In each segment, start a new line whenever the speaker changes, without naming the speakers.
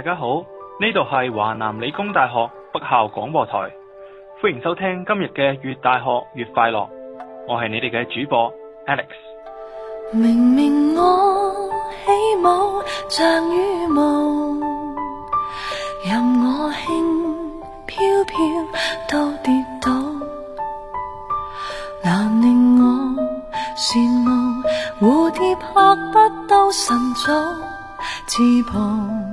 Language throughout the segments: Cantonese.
大家好，呢度係華南理工大學北校廣播台，歡迎收聽今日嘅粵大學粵快樂，我係你哋嘅主播 Alex。
明明我起舞像羽毛，任我輕飄飄都跌倒，難令我羨慕蝴蝶拍不到晨早翅膀。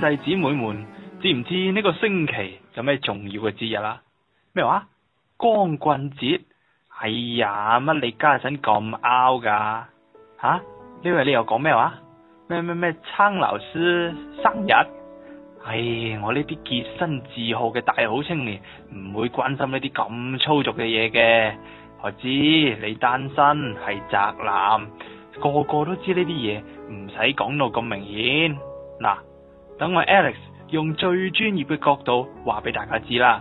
兄弟姊妹們，知唔知呢個星期有咩重要嘅節日啊？咩話，光棍節？哎呀，乜你家陣咁 out 噶？吓、啊，呢位你又講咩話？咩咩咩，蒼老師生日？哎，我呢啲潔身自好嘅大好青年，唔會關心呢啲咁粗俗嘅嘢嘅。何止你單身係宅男，個個都知呢啲嘢，唔使講到咁明顯。嗱。等我 Alex 用最專業嘅角度話俾大家知啦，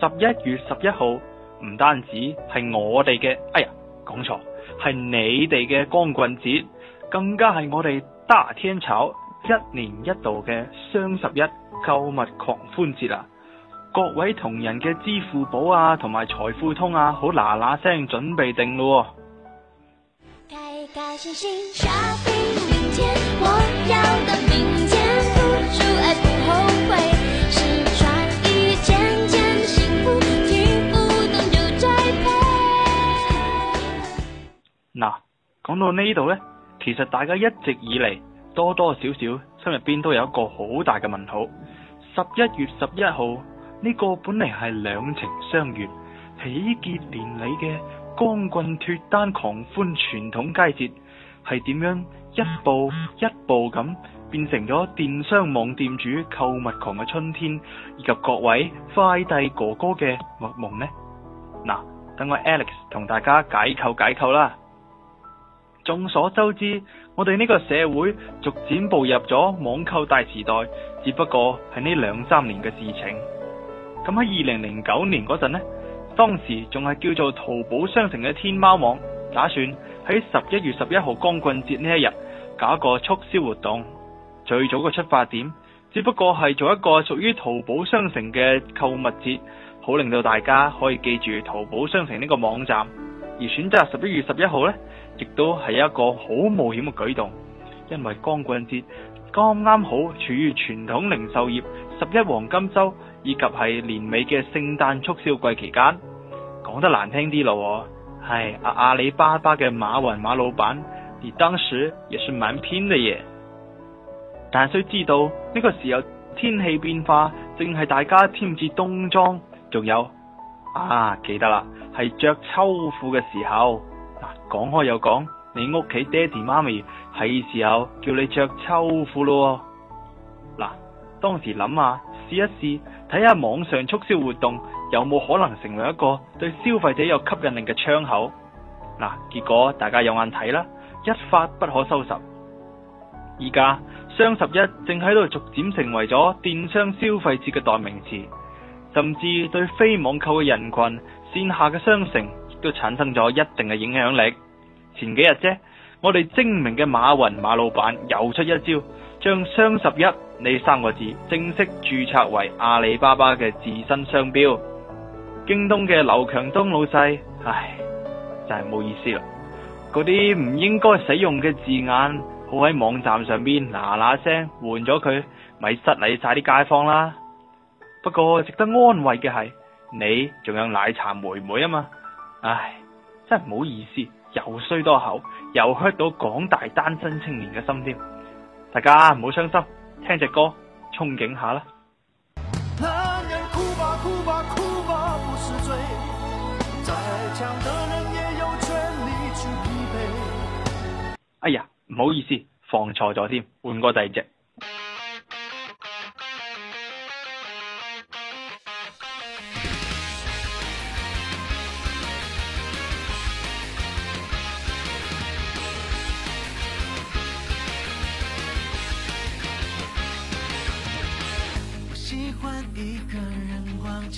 十一月十一號唔單止係我哋嘅，哎呀，講錯，係你哋嘅光棍節，更加係我哋大天朝一年一度嘅雙十一購物狂歡節啦！各位同仁嘅支付寶啊，同埋財富通啊，好嗱嗱聲準備定咯。嗱，講到呢度呢，其實大家一直以嚟多多少少心入邊都有一個好大嘅問號。十一月十一號呢個本嚟係兩情相悅、喜結連理嘅光棍脫單狂歡傳統佳節，係點樣一步一步咁變成咗電商網店主購物狂嘅春天，以及各位快遞哥哥嘅噩夢呢？嗱，等我 Alex 同大家解構解構啦。眾所周知，我哋呢個社會逐漸步入咗網購大時代，只不過係呢兩三年嘅事情。咁喺二零零九年嗰陣呢，當時仲係叫做淘寶商城嘅天貓網，打算喺十一月十一號光棍節呢一日搞一個促銷活動。最早嘅出發點，只不過係做一個屬於淘寶商城嘅購物節，好令到大家可以記住淘寶商城呢個網站。而選擇十一月十一號呢，亦都係一個好冒險嘅舉動，因為光棍節剛啱好處於傳統零售業十一黃金周以及係年尾嘅聖誕促銷季期間。講得難聽啲咯，係阿里巴巴嘅馬雲馬老闆，而當時亦算蠻偏嘅嘢。但係須知道呢個時候天氣變化，正係大家添置冬裝，仲有啊記得啦。係着秋褲嘅時候嗱，講開又講，你屋企爹哋媽咪係時候叫你着秋褲咯。嗱，當時諗下試一試，睇下網上促銷活動有冇可能成為一個對消費者有吸引力嘅窗口。嗱，結果大家有眼睇啦，一發不可收拾。而家雙十一正喺度逐漸成為咗電商消費節嘅代名詞，甚至對非網購嘅人群。線下嘅商城都產生咗一定嘅影響力。前幾日啫，我哋精明嘅馬雲馬老闆又出一招，將“雙十一”呢三個字正式注冊為阿里巴巴嘅自身商標。京東嘅劉強東老細，唉，真係冇意思啦。嗰啲唔應該使用嘅字眼，好喺網站上邊嗱嗱聲換咗佢，咪失禮晒啲街坊啦。不過值得安慰嘅係。你仲有奶茶妹妹啊嘛？唉，真係唔好意思，又衰多口，又 hurt 到廣大單身青年嘅心添。大家唔好傷心，聽隻歌，憧憬下啦。
男人哭吧哭吧哭吧不是罪，再強的人也有權利去疲憊。
哎呀，唔好意思，放錯咗添，換過第二隻。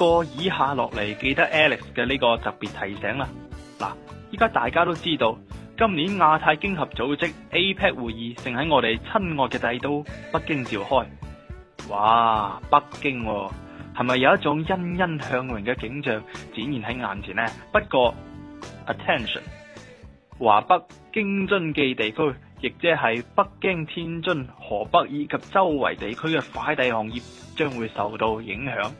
過以下落嚟，記得 Alex 嘅呢個特別提醒啦。嗱，依家大家都知道，今年亞太經合組織 APEC 會議正喺我哋親愛嘅帝都北京召開。哇，北京啊，係咪有一種欣欣向榮嘅景象展現喺眼前呢？不過，Attention，華北京津冀地區，亦即係北京、天津、河北以及周圍地區嘅快遞行業將會受到影響。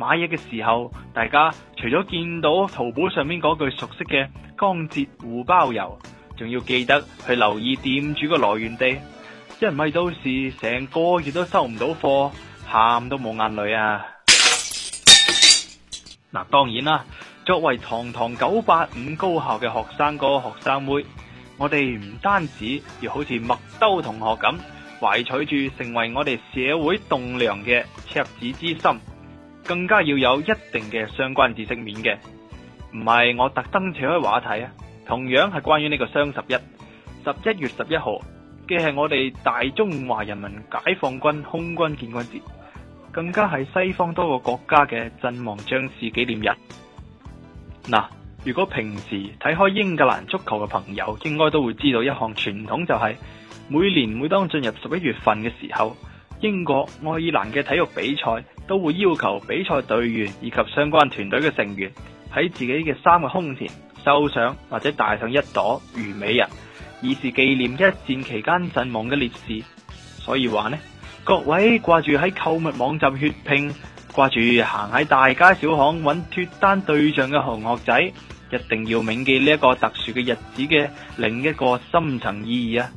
買嘢嘅時候，大家除咗見到淘寶上面嗰句熟悉嘅“江浙滬包郵”，仲要記得去留意店主個來源地，一唔係到時成個月都收唔到貨，喊都冇眼淚啊！嗱， 當然啦，作為堂堂九八五高校嘅學生哥、學生妹，我哋唔單止要好似麥兜同學咁，懷揣住成為我哋社會棟樑嘅赤子之心。更加要有一定嘅相關知識面嘅，唔係我特登扯開話題啊。同樣係關於呢個雙十一，十一月十一號，既係我哋大中華人民解放軍空軍建軍節，更加係西方多個國家嘅陣亡將士紀念日。嗱，如果平時睇開英格蘭足球嘅朋友，應該都會知道一項傳統，就是，就係每年每當進入十一月份嘅時候。英國、愛爾蘭嘅體育比賽都會要求比賽隊員以及相關團隊嘅成員喺自己嘅衫嘅胸前繡上或者戴上一朵虞美人，以示紀念一戰期間陣亡嘅烈士。所以話呢，各位掛住喺購物網站血拼、掛住行喺大街小巷揾脱單對象嘅同學仔，一定要銘記呢一個特殊嘅日子嘅另一個深層意義啊！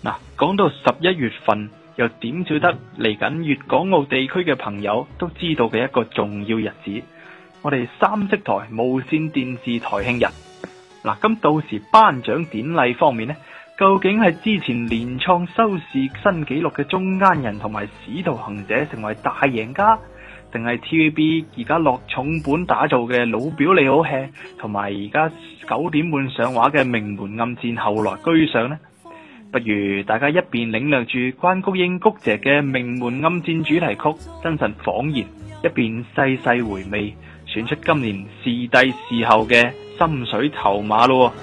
嗱，講到十一月份，又點少得嚟緊粵港澳地區嘅朋友都知道嘅一個重要日子，我哋三色台無綫電視台慶日。嗱，咁到時頒獎典禮方面咧，究竟係之前連創收視新紀錄嘅中間人同埋使徒行者成為大贏家，定係 TVB 而家落重本打造嘅老表，你好嘢！同埋而家九點半上畫嘅名門暗戰後來居上咧？不如大家一邊領略住關菊英菊姐嘅《名門暗戰》主題曲《真神謊言》，一邊細細回味，選出今年視帝視后嘅心水頭馬
咯～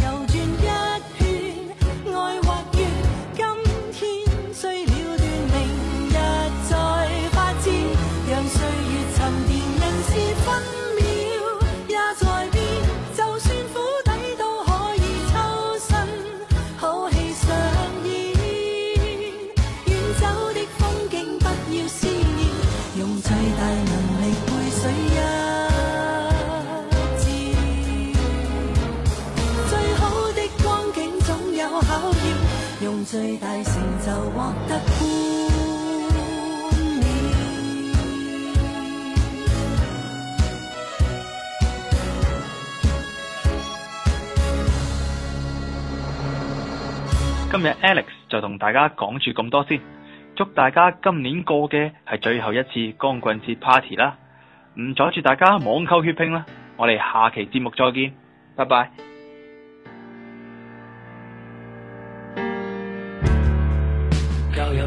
最
大成就獲得今日 Alex 就同大家講住咁多先，祝大家今年過嘅係最後一次光棍節 Party 啦，唔阻住大家網購血拼啦，我哋下期節目再見，拜拜。